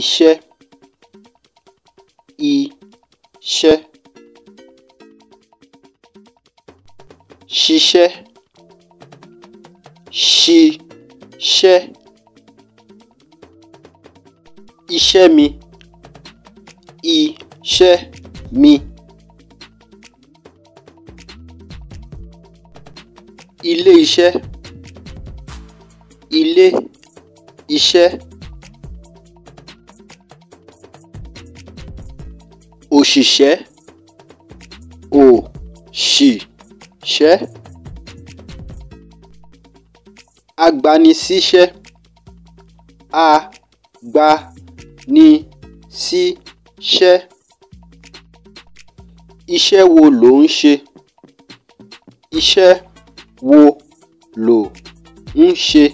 iṣẹ́ iṣẹ́ ṣiṣẹ́ ṣiṣẹ́ iṣẹ́ mi iṣẹ́ mi ilé iṣẹ́ ilé iṣẹ́. òṣìṣẹ́ ò-ṣì-ṣẹ́ agbanisíṣẹ́ a-gba-ni-sí-ṣẹ́ iṣẹ́ wo lo ń ṣe? iṣẹ́ wo lo ń ṣe?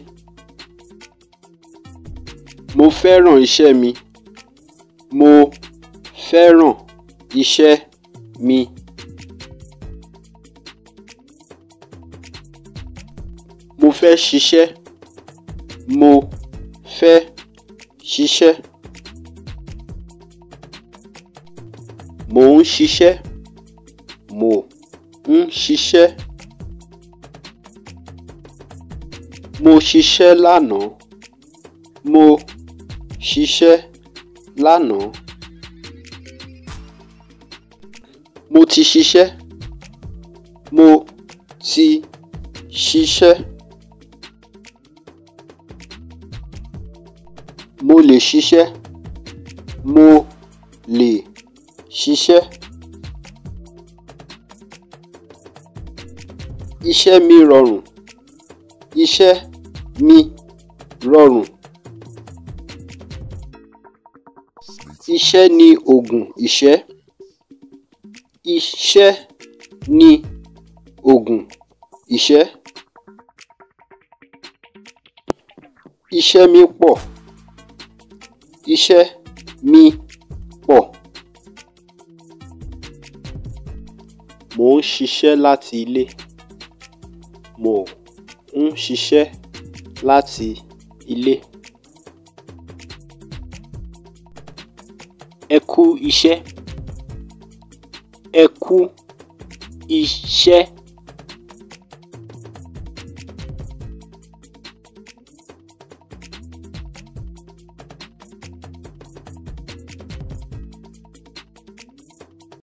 mo fẹ́ràn iṣẹ́ mi. mo fẹ́ràn iṣẹ́ mi. mo fẹ́ ṣiṣẹ́ mo fẹ́ ṣiṣẹ́ mo ń ṣiṣẹ́ mo ń ṣiṣẹ́ mo ṣiṣẹ́ lánàá mo ṣiṣẹ́ lánàá. mo ti ṣiṣẹ́ mo ti ṣiṣẹ́ mo lè ṣiṣẹ́ mo lè ṣiṣẹ́ iṣẹ́ mi rọrùn iṣẹ́ mi rọrùn iṣẹ́ ni ogun, ìṣẹ́. Iṣẹ́ ni ogun. ìṣẹ́. Iṣẹ́ mi pọ̀. Iṣẹ́ mi pọ̀. Mo ń ṣiṣẹ́ láti ilé. Mò ń ṣiṣẹ́ láti ilé. Ẹ kú iṣẹ́ ẹ kú iṣẹ́.